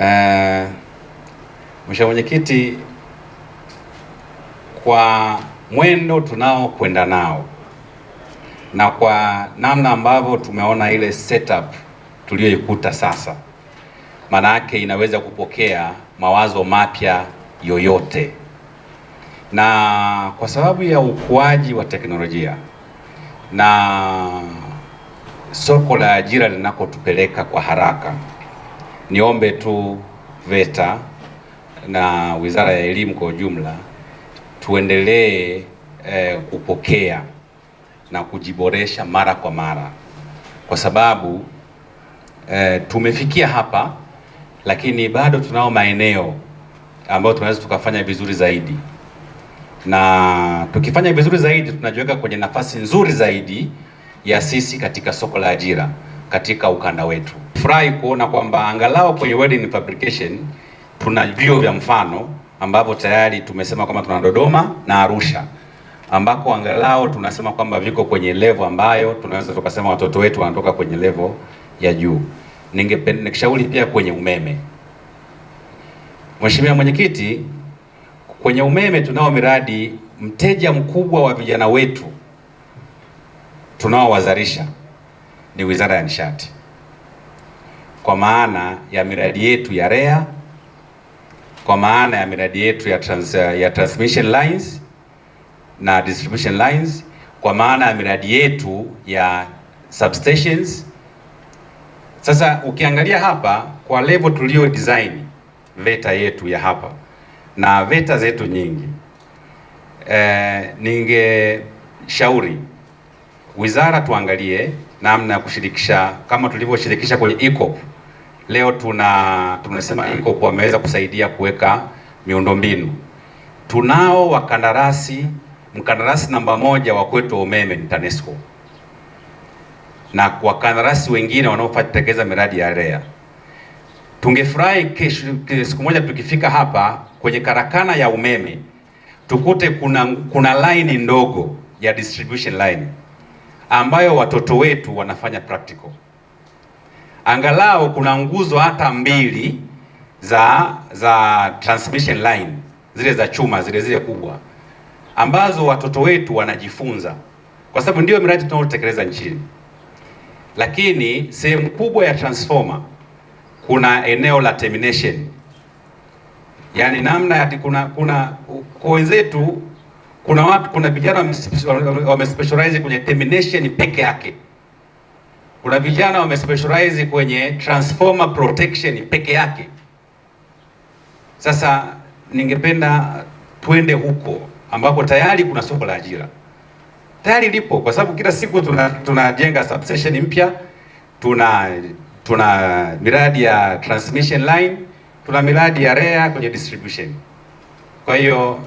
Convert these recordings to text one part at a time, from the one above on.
Uh, Mheshimiwa Mwenyekiti, kwa mwendo tunaokwenda nao na kwa namna ambavyo tumeona ile setup tuliyoikuta sasa, maana yake inaweza kupokea mawazo mapya yoyote, na kwa sababu ya ukuaji wa teknolojia na soko la ajira linakotupeleka kwa haraka niombe tu VETA na Wizara ya Elimu kwa ujumla tuendelee eh, kupokea na kujiboresha mara kwa mara kwa sababu eh, tumefikia hapa, lakini bado tunao maeneo ambayo tunaweza tukafanya vizuri zaidi, na tukifanya vizuri zaidi tunajiweka kwenye nafasi nzuri zaidi ya sisi katika soko la ajira katika ukanda wetu. Furahi kuona kwamba angalau kwenye wedding fabrication tuna vyuo vya mfano ambavyo tayari tumesema kwamba tuna Dodoma na Arusha ambako angalau tunasema kwamba viko kwenye level ambayo tunaweza tukasema watoto wetu wanatoka kwenye level ya juu. Ningependa nikishauri pia kwenye umeme. Mheshimiwa Mwenyekiti, kwenye umeme tunao miradi, mteja mkubwa wa vijana wetu tunaowazalisha ni Wizara ya Nishati kwa maana ya miradi yetu ya REA, kwa maana ya miradi yetu ya, trans, ya transmission lines na distribution lines, kwa maana ya miradi yetu ya substations. Sasa ukiangalia hapa kwa level tulio design VETA yetu ya hapa na VETA zetu nyingi e, eh, shauri wizara tuangalie namna ya kushirikisha kama tulivyoshirikisha kwenye ECOP leo tuna tunasema iko wameweza kusaidia kuweka miundombinu. Tunao wakandarasi, mkandarasi namba moja wa kwetu umeme ni TANESCO na wakandarasi wengine wanaotekeleza miradi ya REA. Tungefurahi kesho siku moja tukifika hapa kwenye karakana ya umeme tukute kuna kuna line ndogo ya distribution line ambayo watoto wetu wanafanya practical angalau kuna nguzo hata mbili za za transmission line zile za chuma zile zile kubwa ambazo watoto wetu wanajifunza, kwa sababu ndio miradi tunayotekeleza nchini. Lakini sehemu kubwa ya transformer kuna eneo la termination, yaani namna ya kuna kuna kwa wenzetu kuna watu kuna vijana specialize kwenye termination peke yake. Kuna vijana specialize kwenye transformer protection peke yake. Sasa ningependa twende huko ambako tayari kuna soko la ajira tayari lipo, kwa sababu kila siku tunajenga tuna substation mpya, tuna tuna miradi ya transmission line, tuna miradi ya REA kwenye distribution. Kwa hiyo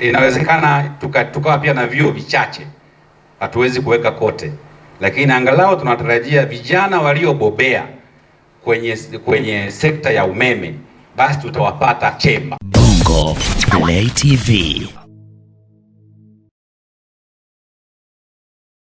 inawezekana tukawa tuka pia na vyuo vichache, hatuwezi kuweka kote lakini angalau tunatarajia vijana waliobobea kwenye, kwenye sekta ya umeme basi tutawapata Chemba. Bongo Play TV.